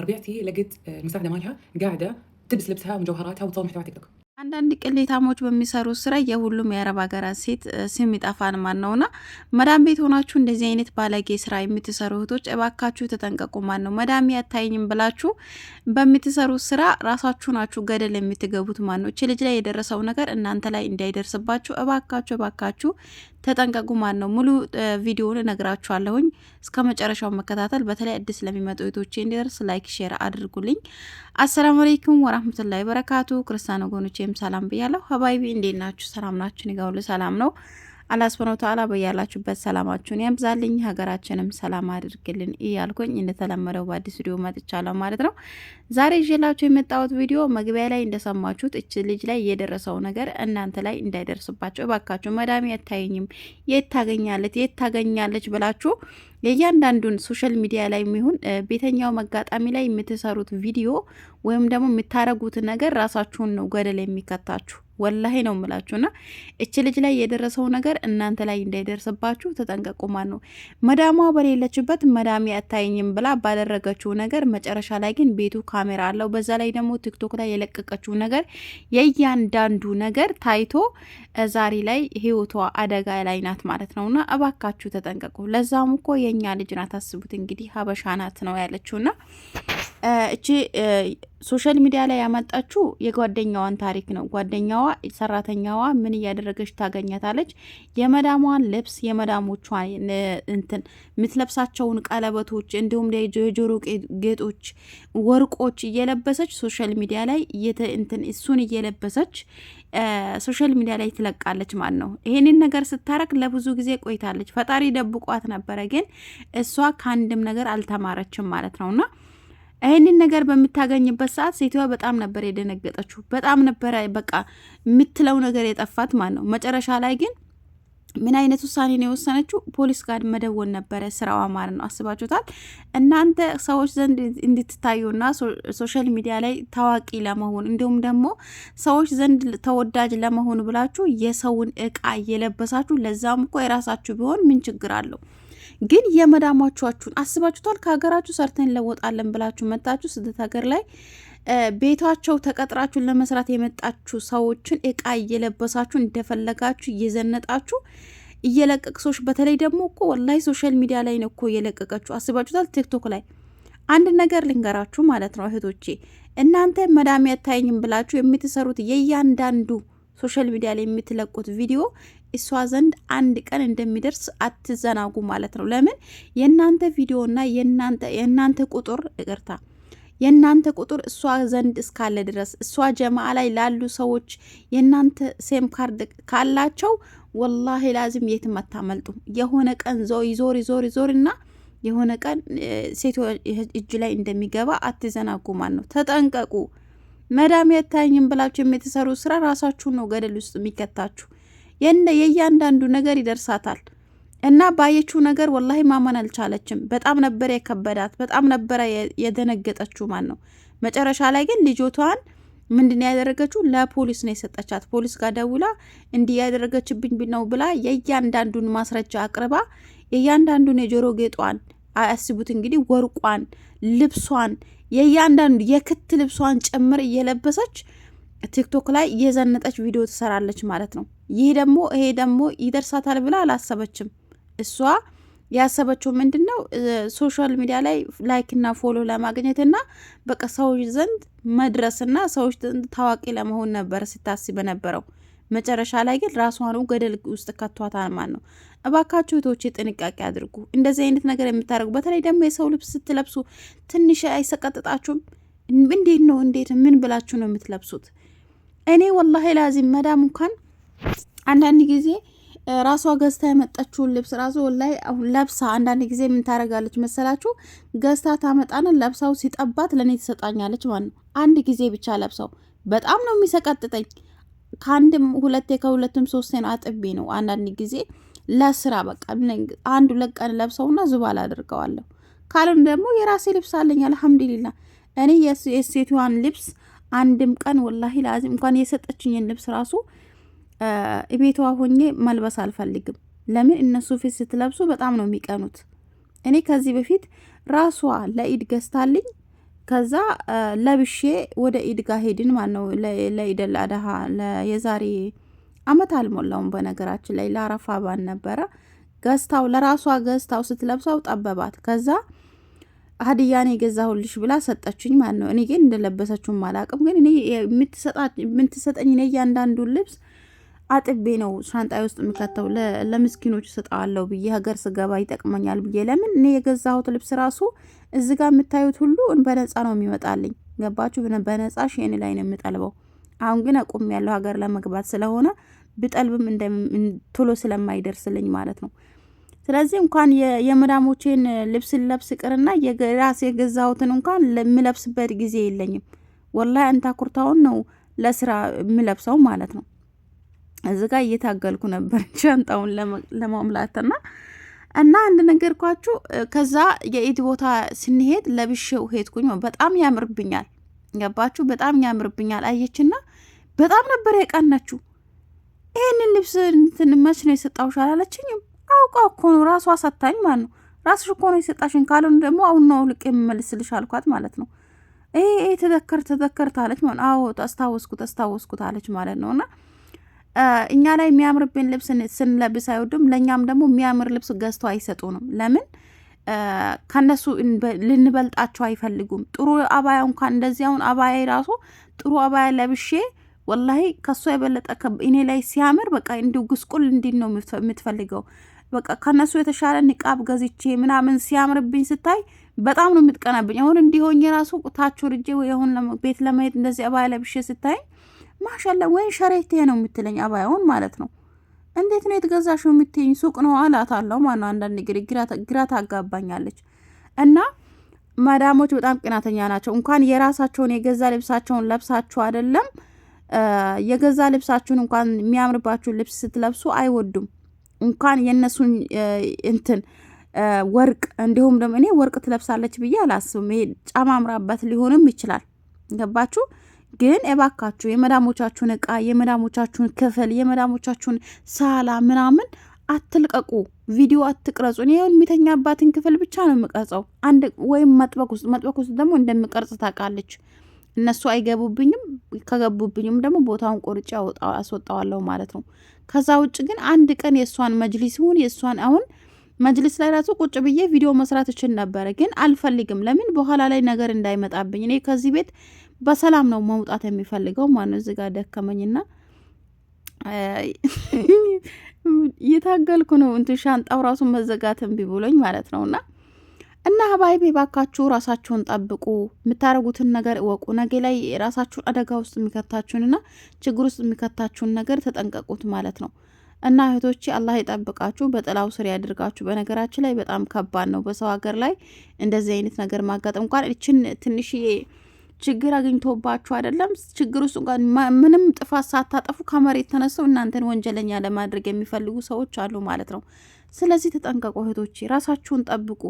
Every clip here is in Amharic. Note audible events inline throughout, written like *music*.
ربيعتي لقيت المساعده مالها قاعده تلبس لبسها ومجوهراتها وتصور محتوى تيك توك አንዳንድ ቅሌታሞች በሚሰሩ ስራ የሁሉም የአረብ ሀገራት ሴት ስም ይጠፋን ማን ነውና፣ መዳም ቤት ሆናችሁ እንደዚህ አይነት ባለጌ ስራ የምትሰሩ እህቶች እባካችሁ ተጠንቀቁ። ማን ነው መዳም ያታይኝም ብላችሁ በምትሰሩት ስራ ራሳችሁ ናችሁ ገደል የምትገቡት። ማን ነው እች ልጅ ላይ የደረሰው ነገር እናንተ ላይ እንዳይደርስባችሁ እባካችሁ እባካችሁ ተጠንቀቁ። ማን ነው ሙሉ ቪዲዮውን እነግራችኋለሁኝ። እስከ መጨረሻው መከታተል በተለይ አዲስ ለሚመጡ ቤቶቼ እንዲደርስ ላይክ፣ ሼር አድርጉልኝ። አሰላሙ አለይኩም ወራህመቱላሂ በረካቱ። ክርስቲያን ወገኖቼም ሰላም ብያለሁ። ሀባይቢ እንዴት ናችሁ? ሰላም ናችሁ? እኔ ጋ ሁሉ ሰላም ነው። አላህ ሱብሃነሁ ወተዓላ በያላችሁበት ሰላማችሁን ያብዛልኝ፣ ሀገራችንም ሰላም አድርግልን እያልኩኝ እንደተለመደው በአዲስ ቪዲዮ መጥቻለሁ ማለት ነው። ዛሬ ይዤላችሁ የመጣሁት ቪዲዮ መግቢያ ላይ እንደሰማችሁት እች ልጅ ላይ የደረሰው ነገር እናንተ ላይ እንዳይደርስባቸው እባካችሁ። መዳሜ የታየኝም የት ታገኛለች የት ታገኛለች ብላችሁ የእያንዳንዱን ሶሻል ሚዲያ ላይ የሚሆን ቤተኛው መጋጣሚ ላይ የምትሰሩት ቪዲዮ ወይም ደግሞ የምታረጉት ነገር ራሳችሁን ነው ገደል የሚከታችሁ። ወላሄ ነው የምላችሁና እች ልጅ ላይ የደረሰው ነገር እናንተ ላይ እንዳይደርስባችሁ ተጠንቀቁ። ማን ነው መዳሟ በሌለችበት መዳሜ አታይኝም ብላ ባደረገችው ነገር መጨረሻ ላይ ግን ቤቱ ካሜራ አለው። በዛ ላይ ደግሞ ቲክቶክ ላይ የለቀቀችው ነገር የእያንዳንዱ ነገር ታይቶ ዛሬ ላይ ህይወቷ አደጋ ላይ ናት ማለት ነውና እባካችሁ ተጠንቀቁ። ለዛም እኮ የእኛ ልጅ ናት አስቡት እንግዲህ ሀበሻ ናት ነው ያለችውና እቺ ሶሻል ሚዲያ ላይ ያመጣችው የጓደኛዋን ታሪክ ነው። ጓደኛዋ ሰራተኛዋ ምን እያደረገች ታገኛታለች? የመዳሟን ልብስ የመዳሞቿን እንትን የምትለብሳቸውን ቀለበቶች፣ እንዲሁም የጆሮ ጌጦች፣ ወርቆች እየለበሰች ሶሻል ሚዲያ ላይ እንትን እሱን እየለበሰች ሶሻል ሚዲያ ላይ ትለቃለች ማለት ነው። ይሄንን ነገር ስታረግ ለብዙ ጊዜ ቆይታለች። ፈጣሪ ደብቋት ነበረ፣ ግን እሷ ከአንድም ነገር አልተማረችም ማለት ነውና ይህንን ነገር በምታገኝበት ሰዓት ሴትዋ በጣም ነበር የደነገጠችው። በጣም ነበረ በቃ የምትለው ነገር የጠፋት ማለት ነው። መጨረሻ ላይ ግን ምን አይነት ውሳኔ ነው የወሰነችው? ፖሊስ ጋር መደወል ነበረ ስራዋ ማለት ነው። አስባችሁታል? እናንተ ሰዎች ዘንድ እንድትታዩና ሶሻል ሚዲያ ላይ ታዋቂ ለመሆን እንዲሁም ደግሞ ሰዎች ዘንድ ተወዳጅ ለመሆን ብላችሁ የሰውን እቃ እየለበሳችሁ ለዛም እኮ የራሳችሁ ቢሆን ምን ችግር አለው? ግን የመዳሟችኋችሁን አስባችሁታል? ከሀገራችሁ ሰርተን ለወጣለን ብላችሁ መታችሁ ስደት ሀገር ላይ ቤታቸው ተቀጥራችሁን ለመስራት የመጣችሁ ሰዎችን እቃ እየለበሳችሁ እንደፈለጋችሁ እየዘነጣችሁ እየለቀቅ ሰዎች በተለይ ደግሞ እኮ ወላሂ ሶሻል ሚዲያ ላይ ነው እኮ እየለቀቀችሁ አስባችሁታል? ቲክቶክ ላይ አንድ ነገር ልንገራችሁ ማለት ነው እህቶቼ፣ እናንተ መዳሜ አታየኝም ብላችሁ የምትሰሩት የእያንዳንዱ ሶሻል ሚዲያ ላይ የምትለቁት ቪዲዮ እሷ ዘንድ አንድ ቀን እንደሚደርስ አትዘናጉ ማለት ነው። ለምን የእናንተ ቪዲዮና የእናንተ ቁጥር እቅርታ የእናንተ ቁጥር እሷ ዘንድ እስካለ ድረስ እሷ ጀማአ ላይ ላሉ ሰዎች የእናንተ ሴም ካርድ ካላቸው ወላሂ ላዚም የትም አታመልጡ። የሆነ ቀን ዞሪ ዞሪ ዞሪ እና የሆነ ቀን ሴቶ እጅ ላይ እንደሚገባ አትዘናጉ ማለት ነው። ተጠንቀቁ። መዳም የታኝም ብላችሁ የምትሰሩ ስራ ራሳችሁን ነው ገደል ውስጥ የሚከታችሁ። የነ የእያንዳንዱ ነገር ይደርሳታል። እና ባየችው ነገር ወላሂ ማመን አልቻለችም። በጣም ነበር የከበዳት፣ በጣም ነበረ የደነገጠችው ማን ነው። መጨረሻ ላይ ግን ልጆቷን ምንድን ያደረገችው ለፖሊስ ነው የሰጠቻት። ፖሊስ ጋር ደውላ እንዲህ ያደረገችብኝ ነው ብላ የእያንዳንዱን ማስረጃ አቅርባ የእያንዳንዱን የጆሮ ጌጧን አያስቡት እንግዲህ ወርቋን፣ ልብሷን፣ የእያንዳንዱ የክት ልብሷን ጭምር እየለበሰች ቲክቶክ ላይ የዘነጠች ቪዲዮ ትሰራለች ማለት ነው። ይህ ደግሞ ይሄ ደግሞ ይደርሳታል ብላ አላሰበችም። እሷ ያሰበችው ምንድን ነው? ሶሻል ሚዲያ ላይ ላይክና ፎሎ ለማግኘትና በቃ ሰዎች ዘንድ መድረስና ሰዎች ዘንድ ታዋቂ ለመሆን ነበረ ስታስብ ነበረው። መጨረሻ ላይ ግን ራሷኑ ገደል ውስጥ ከቷታል ማለት ነው። እባካችሁ እህቶቼ ጥንቃቄ አድርጉ። እንደዚህ አይነት ነገር የምታደርጉ በተለይ ደግሞ የሰው ልብስ ስትለብሱ ትንሽ አይሰቀጥጣችሁም? እንዴት ነው እንዴት ምን ብላችሁ ነው የምትለብሱት? እኔ ወላሂ ላዚም መዳም እንኳን አንዳንድ ጊዜ ራሷ ገዝታ የመጣችውን ልብስ ራሱ ላይ ለብሳ አንዳንድ ጊዜ ምን ታደርጋለች መሰላችሁ? ገዝታ ታመጣን ለብሳው ሲጠባት ለእኔ ትሰጣኛለች ማለት ነው። አንድ ጊዜ ብቻ ለብሰው በጣም ነው የሚሰቀጥጠኝ። ከአንድም ሁለቴ ከሁለትም ሶስቴን አጥቤ ነው አንዳንድ ጊዜ ለስራ በቃ አንድ ሁለት ቀን ለብሰውና ዝባል አድርገዋለሁ። ካልም ደግሞ የራሴ ልብስ አለኝ አልሐምዱሊላ። እኔ የሴትዋን ልብስ አንድም ቀን ወላሂ ላዚም እንኳን የሰጠችኝን ልብስ ራሱ ቤቷ ሆኜ መልበስ አልፈልግም። ለምን እነሱ ፊት ስትለብሱ በጣም ነው የሚቀኑት። እኔ ከዚህ በፊት ራሷ ለኢድ ገዝታልኝ ከዛ ለብሼ ወደ ኢድ ጋ ሄድን። ማን ነው ለኢደል አድሃ የዛሬ አመት አልሞላውም። በነገራችን ላይ ለአረፋ ባን ነበረ ገዝታው ለራሷ ገዝታው ስትለብሰው ጠበባት። ከዛ ሀዲያን የገዛሁልሽ ብላ ሰጠችኝ ማለት ነው። እኔ ግን እንደለበሰችውም አላውቅም። ግን እኔ የምትሰጠኝ እኔ እያንዳንዱን ልብስ አጥቤ ነው ሻንጣይ ውስጥ የምከተው። ለምስኪኖች ስጠዋለሁ ብዬ ሀገር ስገባ ይጠቅመኛል ብዬ ለምን እኔ የገዛሁት ልብስ ራሱ እዚ ጋር የምታዩት ሁሉ በነፃ ነው የሚመጣልኝ። ገባችሁ? በነጻ ሽን ላይ ነው የምጠልበው። አሁን ግን አቁም ያለው ሀገር ለመግባት ስለሆነ ብጠልብም ቶሎ ስለማይደርስልኝ ማለት ነው ስለዚህ እንኳን የመዳሞቼን ልብስ ለብስ ቅርና የራስ የገዛሁትን እንኳን የምለብስበት ጊዜ የለኝም። ወላሂ ኩርታውን ነው ለስራ የምለብሰው ማለት ነው። እዚ ጋር እየታገልኩ ነበር *laughs* ሻንጣውን ለማምላትና እና አንድ ነገር ኳችሁ። ከዛ የኢድ ቦታ ስንሄድ ለብሼው ሄድኩኝ። በጣም ያምርብኛል፣ ገባችሁ? በጣም ያምርብኛል አየችና በጣም ነበር የቀናችሁ። ይህንን ልብስ እንትን መች ነው የሰጣሁሽ አላለችኝም አውቃ እኮ ነው ራሷ ሰታኝ ማለት ነው። ራስሽ እኮ ነው የሰጣሽኝ፣ ካልሆነ ደግሞ አሁን ነው ልቅ የምመልስልሽ አልኳት ማለት ነው። ይሄ ተዘከር ተዘከር ታለች ማለት አዎ፣ አስታወስኩት አስታወስኩት አለች ማለት ነው። እና እኛ ላይ የሚያምርብን ልብስ ስንለብስ አይወዱም። ለእኛም ደግሞ የሚያምር ልብስ ገዝቶ አይሰጡንም። ለምን ከነሱ ልንበልጣቸው አይፈልጉም። ጥሩ አባያ እንኳን እንደዚህ አሁን አባያ ራሱ ጥሩ አባያ ለብሼ ወላሂ ከእሷ የበለጠ እኔ ላይ ሲያምር በቃ እንዲሁ ጉስቁል እንዲን ነው የምትፈልገው በቃ ከነሱ የተሻለ ንቃብ ገዝቼ ምናምን ሲያምርብኝ ስታይ በጣም ነው የምትቀናብኝ። አሁን እንዲሆኝ የራሱ ታች ወርጄ ወይ ቤት ለመሄድ እንደዚህ አባይ ለብሼ ስታይ ማሻላ ወይም ሸሬቴ ነው የምትለኝ አባይ አሁን ማለት ነው። እንዴት ነው የተገዛሽው የምትይኝ ሱቅ ነው አላት አለው ማለት ነው። አንዳንድ ግር ግራ ታጋባኛለች እና ማዳሞች በጣም ቅናተኛ ናቸው። እንኳን የራሳቸውን የገዛ ልብሳቸውን ለብሳችሁ አይደለም የገዛ ልብሳችሁን እንኳን የሚያምርባችሁን ልብስ ስትለብሱ አይወዱም። እንኳን የእነሱን እንትን ወርቅ እንዲሁም ደግሞ እኔ ወርቅ ትለብሳለች ብዬ አላስብም። ይሄ ጫማ አምራባት ሊሆንም ይችላል። ገባችሁ? ግን እባካችሁ የመዳሞቻችሁን እቃ፣ የመዳሞቻችሁን ክፍል፣ የመዳሞቻችሁን ሳላ ምናምን አትልቀቁ። ቪዲዮ አትቅረጹ። እኔ የሚተኛባትን ክፍል ብቻ ነው የምቀርጸው። አንድ ወይም መጥበቅ ውስጥ መጥበቅ ውስጥ ደግሞ እንደምቀርጽ ታውቃለች። እነሱ አይገቡብኝም። ከገቡብኝም ደግሞ ቦታውን ቆርጬ አስወጣዋለሁ ማለት ነው። ከዛ ውጭ ግን አንድ ቀን የእሷን መጅሊስ ይሁን የእሷን አሁን መጅሊስ ላይ ራሱ ቁጭ ብዬ ቪዲዮ መስራት እችል ነበረ፣ ግን አልፈልግም። ለምን በኋላ ላይ ነገር እንዳይመጣብኝ። እኔ ከዚህ ቤት በሰላም ነው መውጣት የሚፈልገው ማለት ነው። እዚህ ጋር ደከመኝና እየታገልኩ ነው። እንትን ሻንጣው ራሱ መዘጋት እምቢ ብሎኝ ማለት ነውና እና ሀባይቤ ባካችሁ ራሳችሁን ጠብቁ፣ የምታደርጉትን ነገር እወቁ። ነገ ላይ ራሳችሁን አደጋ ውስጥ የሚከታችሁንና ችግር ውስጥ የሚከታችሁን ነገር ተጠንቀቁት ማለት ነው። እና እህቶቼ አላህ ይጠብቃችሁ፣ በጥላው ስር ያድርጋችሁ። በነገራችን ላይ በጣም ከባድ ነው በሰው ሀገር ላይ እንደዚህ አይነት ነገር ማጋጠም። እንኳን እችን ትንሽዬ ችግር አግኝቶባችሁ አይደለም ችግር ውስጥ እንኳን ምንም ጥፋት ሳታጠፉ ከመሬት ተነስተው እናንተን ወንጀለኛ ለማድረግ የሚፈልጉ ሰዎች አሉ ማለት ነው። ስለዚህ ተጠንቀቁ እህቶቼ፣ ራሳችሁን ጠብቁ።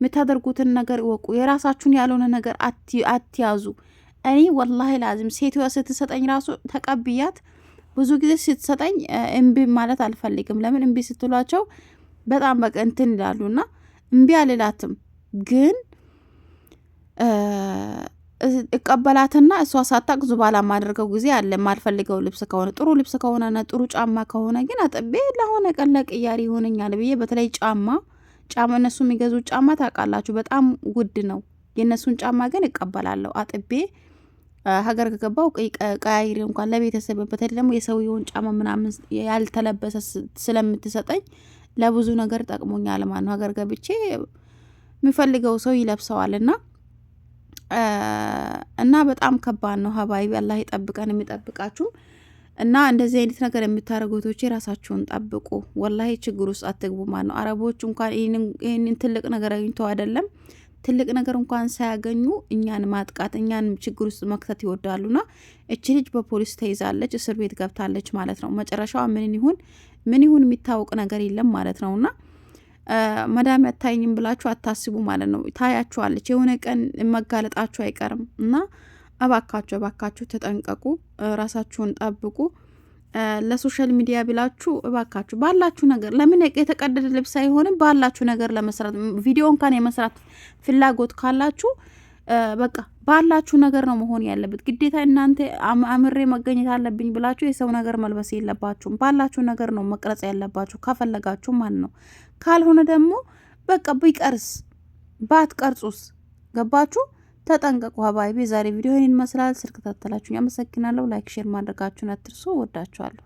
የምታደርጉትን ነገር እወቁ። የራሳችሁን ያልሆነ ነገር አትያዙ። እኔ ወላሂ ላዚም ሴትዋ ስትሰጠኝ ራሱ ተቀብያት ብዙ ጊዜ ስትሰጠኝ እምቢ ማለት አልፈልግም። ለምን እምቢ ስትሏቸው በጣም በቃ እንትን ይላሉና እምቢ አልላትም ግን እቀበላትና እሷ ሳታቅ ዙባላ ማደርገው ጊዜ አለ። የማልፈልገው ልብስ ከሆነ ጥሩ ልብስ ከሆነና ጥሩ ጫማ ከሆነ ግን አጥቤ ለሆነ ቀን ለቅያሪ ይሆነኛል ብዬ በተለይ ጫማ ጫማ እነሱ የሚገዙ ጫማ ታውቃላችሁ በጣም ውድ ነው። የእነሱን ጫማ ግን እቀበላለሁ አጥቤ ሀገር ከገባው ቀያይሬ እንኳን ለቤተሰብ በተለይ ደግሞ የሰውየውን ጫማ ምናምን ያልተለበሰ ስለምትሰጠኝ ለብዙ ነገር ጠቅሞኛል ማለት ነው። ሀገር ገብቼ የሚፈልገው ሰው ይለብሰዋል እና እና በጣም ከባድ ነው። ሀባይቢ አላህ ይጠብቀን የሚጠብቃችሁ እና እንደዚህ አይነት ነገር የምታደርጉ እህቶቼ ራሳችሁን ጠብቁ። ወላሂ ችግር ውስጥ አትግቡ ማለት ነው። አረቦች እንኳን ይህንን ትልቅ ነገር አግኝተው አይደለም ትልቅ ነገር እንኳን ሳያገኙ እኛን ማጥቃት እኛን ችግር ውስጥ መክተት ይወዳሉና እች ልጅ በፖሊስ ተይዛለች፣ እስር ቤት ገብታለች ማለት ነው። መጨረሻዋ ምን ይሁን ምን ይሁን የሚታወቅ ነገር የለም ማለት ነውና መዳም ያታይኝም ብላችሁ አታስቡ ማለት ነው። ታያችኋለች የሆነ ቀን መጋለጣችሁ አይቀርም እና እባካችሁ እባካችሁ ተጠንቀቁ፣ ራሳችሁን ጠብቁ። ለሶሻል ሚዲያ ብላችሁ እባካችሁ ባላችሁ ነገር ለምን የተቀደደ ልብስ አይሆንም፣ ባላችሁ ነገር ለመስራት ቪዲዮ እንኳን የመስራት ፍላጎት ካላችሁ በቃ ባላችሁ ነገር ነው መሆን ያለበት። ግዴታ እናንተ አምሬ መገኘት አለብኝ ብላችሁ የሰው ነገር መልበስ የለባችሁም። ባላችሁ ነገር ነው መቅረጽ ያለባችሁ ከፈለጋችሁ ማለት ነው። ካልሆነ ደግሞ በቃ ቢቀርስ ባትቀርጹስ ገባችሁ? ተጠንቀቁ። ሀባይቢ ዛሬ ቪዲዮ ይህን ይመስላል። ስልክ ከታተላችሁኝ አመሰግናለሁ። ላይክ ሼር ማድረጋችሁን አትርሱ። ወዳችኋለሁ።